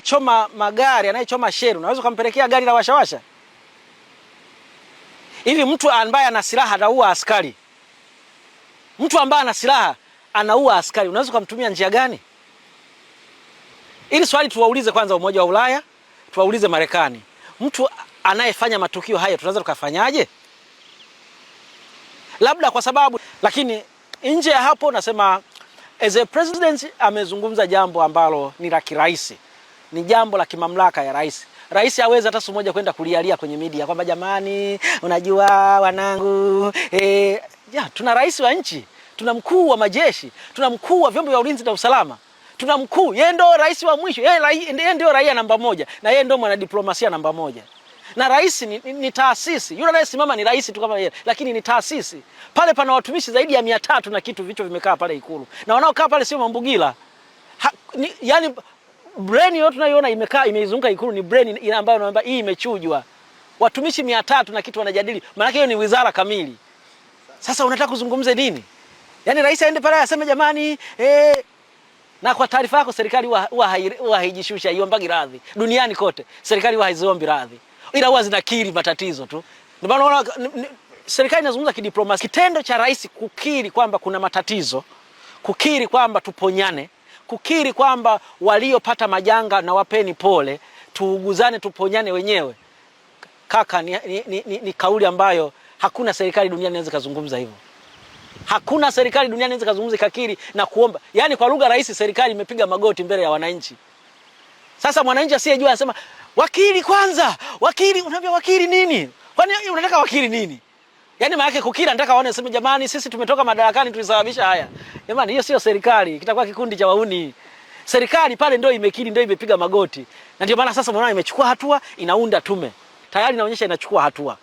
anayechoma magari, anayechoma sheri, unaweza ukampelekea gari la washawasha hivi? Mtu ambaye ana silaha anaua askari, mtu ambaye ana silaha anaua askari, unaweza ukamtumia njia gani? Ili swali tuwaulize kwanza Umoja wa Ulaya, tuwaulize Marekani, mtu anayefanya matukio haya tunaweza tukafanyaje? Labda kwa sababu, lakini nje ya hapo nasema as a president amezungumza jambo ambalo ni la kirahisi ni jambo la kimamlaka ya rais. Rais hawezi hata siku moja kwenda kulialia kwenye media kwamba jamani, unajua wanangu e, ya, tuna rais wa nchi, tuna mkuu wa majeshi, tuna mkuu wa vyombo vya ulinzi na usalama, tuna mkuu, yeye ndio rais wa mwisho, yeye ndio raia namba moja na yeye ndio mwanadiplomasia namba moja na rais ni, ni, ni taasisi. Yule anayesimama ni rais tu kama yeye, lakini ni taasisi. Pale pana watumishi zaidi ya mia tatu na kitu, vichwa vimekaa pale Ikulu, na wanaokaa pale sio mambugila ha, ni, yani brain yote tunayoona imekaa imeizunguka Ikulu ni brain ile ambayo naomba hii imechujwa. Watumishi mia tatu na kitu wanajadili, maana hiyo ni wizara kamili. Sasa unataka kuzungumze nini? Yaani rais aende pale aseme jamani, eh, na kwa taarifa yako serikali huwa haijishusha iombagi radhi duniani kote. Serikali huwa haiziombi radhi, ila huwa zinakiri matatizo tu. Ndio maana unaona serikali inazungumza kidiplomasia. Kitendo cha rais kukiri kwamba kuna matatizo, kukiri kwamba tuponyane kukiri kwamba waliopata majanga na wapeni pole, tuuguzane, tuponyane wenyewe. Kaka, ni, ni, ni, ni kauli ambayo hakuna serikali duniani inaweza kuzungumza hivyo. Hakuna serikali duniani inaweza kuzungumza kakiri na kuomba, yaani kwa lugha rahisi, serikali imepiga magoti mbele ya wananchi. Sasa mwananchi asiyejua anasema wakili kwanza, wakili. Unaambia wakili nini? Kwani unataka wakili nini? Yaani maana yake kukira nataka waone sema jamani sisi tumetoka madarakani tulisababisha haya. Jamani hiyo sio serikali, kitakuwa kikundi cha wauni. Serikali pale ndio imekiri ndio imepiga magoti. Na ndio maana sasa mwanao imechukua hatua, inaunda tume. Tayari inaonyesha inachukua hatua.